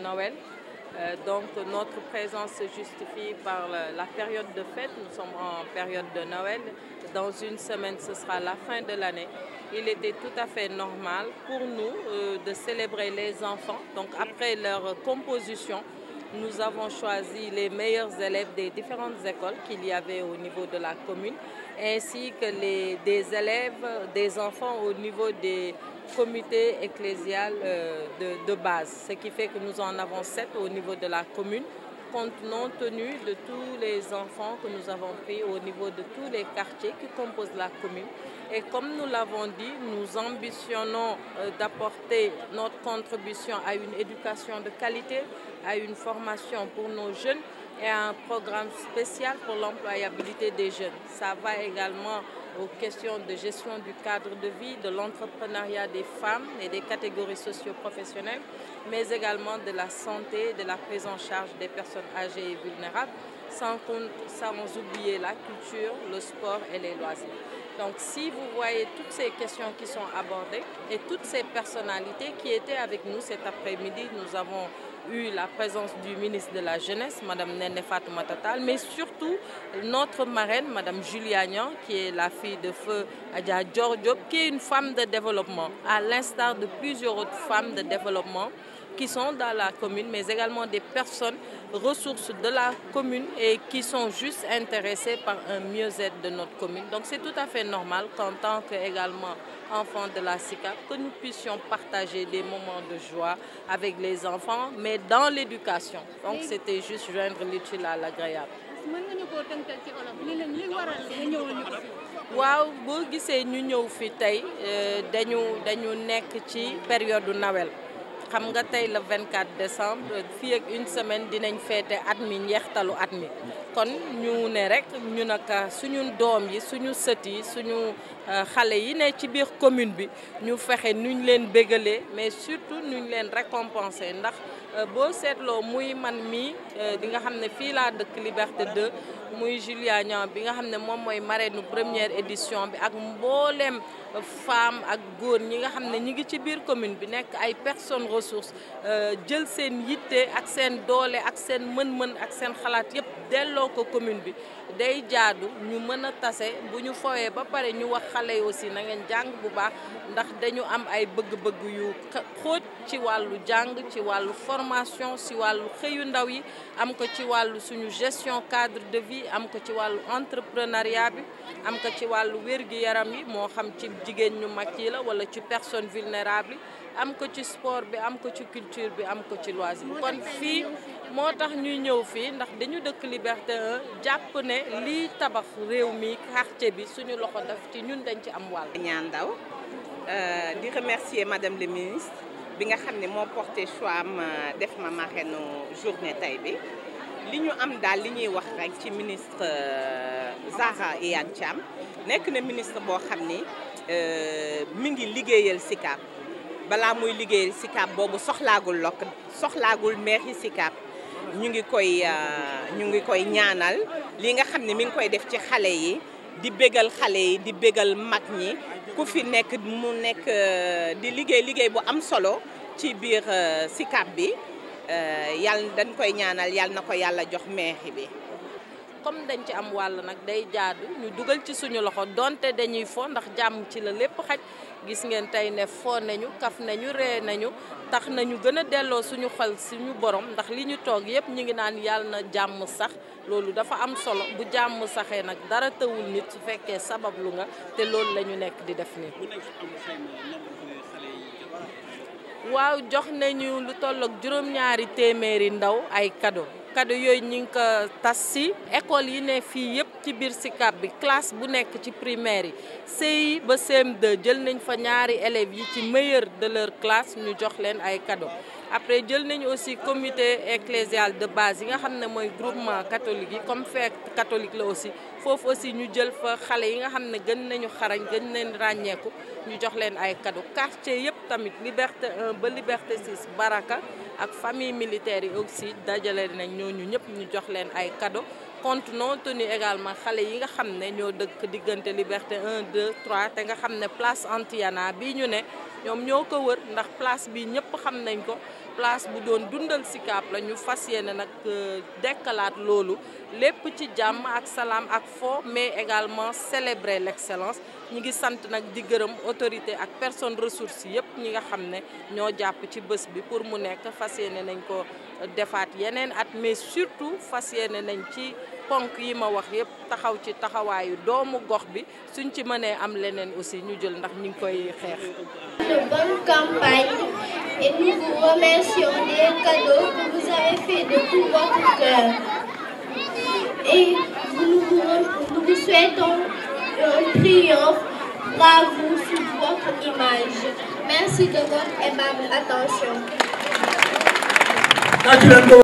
Noël. Euh, donc notre présence se justifie par la période de fête. Nous sommes en période de Noël. Dans une semaine, ce sera la fin de l'année. Il était tout à fait normal pour nous euh, de célébrer les enfants, donc après leur composition. Nous avons choisi les meilleurs élèves des différentes écoles qu'il y avait au niveau de la commune, ainsi que les, des élèves, des enfants au niveau des comités ecclésiales euh, de, de base. Ce qui fait que nous en avons sept au niveau de la commune compte non tenu de tous les enfants que nous avons pris au niveau de tous les quartiers qui composent la commune. Et comme nous l'avons dit, nous ambitionnons euh, d'apporter notre contribution à une éducation de qualité, à une formation pour nos jeunes un programme spécial pour l'employabilité des jeunes. Ça va également aux questions de gestion du cadre de vie, de l'entrepreneuriat des femmes et des catégories socio-professionnelles, mais également de la santé, de la prise en charge des personnes âgées et vulnérables, sans, sans oublier la culture, le sport si vous voyez toutes ces questions qui sont abordées et toutes ces personnalités qui étaient avec nous cet après-midi, nous avons eu la présence du ministre de la Jeunesse, Madame Nene Fatouma Tatal, mais surtout notre marraine, Madame Julia Nian, qui est la fille de feu Adja Giorgio, qui est une femme de développement, à l'instar de plusieurs autres femmes de développement qui sont dans la commune, mais également des personnes ressources de la commune et qui sont juste intéressées par un mieux-être de notre commune. Donc c'est tout à fait normal qu'en tant qu'également enfant de la SICAP, que nous puissions des moments de joie c'est dans l'éducation donc c'était juste joindre ci à l'agréable waaw boo gisee ñu ñëw fi tey euh, dañu dañu nekk ci période nawel xam nga tey le 24 décembre fii ak une semaine dinañ féete at mi njeextalu at mi kon ñu ne rek ñu naka suñu doom yi suñu sët yi suñu euh, xale yi ne ci biir commune bi ñu fexe nuñ leen bégalee mais surtout nuñ leen récompenser ndax Euh, boo seetloo muy man mii euh, di nga xam ne fii laa dëkk Liberté 2 muy Julia Niang bi nga xam ne moom mooy nu première édition bi ak mbooleem femme ak góor ñi nga xam ne ñi ngi ci biir commune bi nekk ay personnes ressources euh, jël seen yitte ak seen doole ak seen mën-mën ak seen xalaat yépp delloo ko commune bi day jaadu ñu mën a tase bu ñu fowee ba pare ñu wax xale yi aussi na ngeen jàng bu baax ndax dañu am ay bëgg-bëgg yu xóot ci wàllu jàng ci wàllu formation ci wàllu xëyu ndaw yi am ko ci wàllu suñu gestion cadre de vie am ko ci wàllu entrepreneuriat bi am ko ci wàllu wér-gi-yaram yi moo xam ci jigéen ñu mag yi la wala ci personne vulnérable yi am ko ci sport bi am ko ci culture bi am ko ci loisir kon fii moo tax ñuy ñëw fii ndax dañu dëkk Liberté 1 jàpp ne lii tabax réew mi quartier bi suñu loxo daf ci ñun dañ ci am wàll ñaan ndaw euh, di remercier madame le ministre bi nga xam ne moo porté choix am euh, def ma marraine journée tey bi li ñu am daal li ñuy wax rek ci ministre euh, Zahra Iyane Thiam nekk na ministre boo xam ni euh, mu ngi liggéeyal SICAP balaa muy liggéeyal SICAP boobu soxlaagul lokk soxlaagul mairie SICAP ñu ngi koy ñu ngi koy ñaanal li nga xam ne mi ngi koy def ci xale yi di bégal xale yi di bégal mag ñi ku fi nekk mu nekk euh, di liggéey liggéey bu am solo ci biir euh, Sicap bi euh, yàlla dañ koy ñaanal yàlla na ko yàlla jox meexi bi comme dañ ci am wàll nag day jaadu ñu dugal ci suñu loxo donte dañuy fo ndax jàmm ci la lépp xaj gis ngeen tey ne fo nañu kaf nañu ree nañu tax nañu gën a delloo suñu xol suñu borom ndax li ñu toog yépp ñu ngi naan yàlla na jàmm sax loolu dafa am solo bu jàmm saxee nag dara tëwul nit su fekkee sabablu nga te loolu lañu ñu nekk di def nii. waaw jox nañu lu toll ak juróom-ñaari téeméeri ndaw ay cadeau. kado yooyu ñu ngi ko tas si école yi ne fii yëpp ci biir Sicap bi classe bu nekk ci primaire yi CI ba CM2 jël nañ fa ñaari élèves yi ci meilleur de leur classe ñu jox leen ay kado après jël nañu aussi comité ecclésial de base yi nga xam ne mooy groupement catholique yi comme fête catholique la aussi foofu aussi ñu jël fa xale yi nga xam ne gën nañu xarañ gën leen ràññeeku ñu jox leen ay cadeaux quartier yëpp tamit liberté 1 ba liberté 6 baraka ak famille militaire yi aussi dajale nañ ñooñu ñëpp ñu jox leen ay cadeaux compte non tenu également xale yi nga xam ne ñoo dëkk diggante Liberté 1 2 3 te nga xam ne place Antiana bii ñu ne ñoom ñoo ko wër ndax place bi ñëpp xam nañ ko place bu doon dundal Sicap la ñu fas yéene nag euh, dekkalaat loolu lépp ci jàmm ak salaam ak fo mais également célébrer l'excellence ñi ngi sant nag di gërëm autorité ak personne ressource yépp ñi nga xam ne ñoo jàpp ci bés bi pour mu nekk fas yéene nañ ko defaat yeneen at mais surtout fas yéene nañ ci ponk yi ma wax yépp taxaw ci taxawaayu doomu gox bi suñ ci mënee am leneen aussi ñu jël ndax ñu ngi koy xeex. et nous vous remercions des cadeaux que vous avez fait de tout votre cœur. Et nous vous, souhaitons un triomphe bravo sur votre image. Merci de votre aimable attention.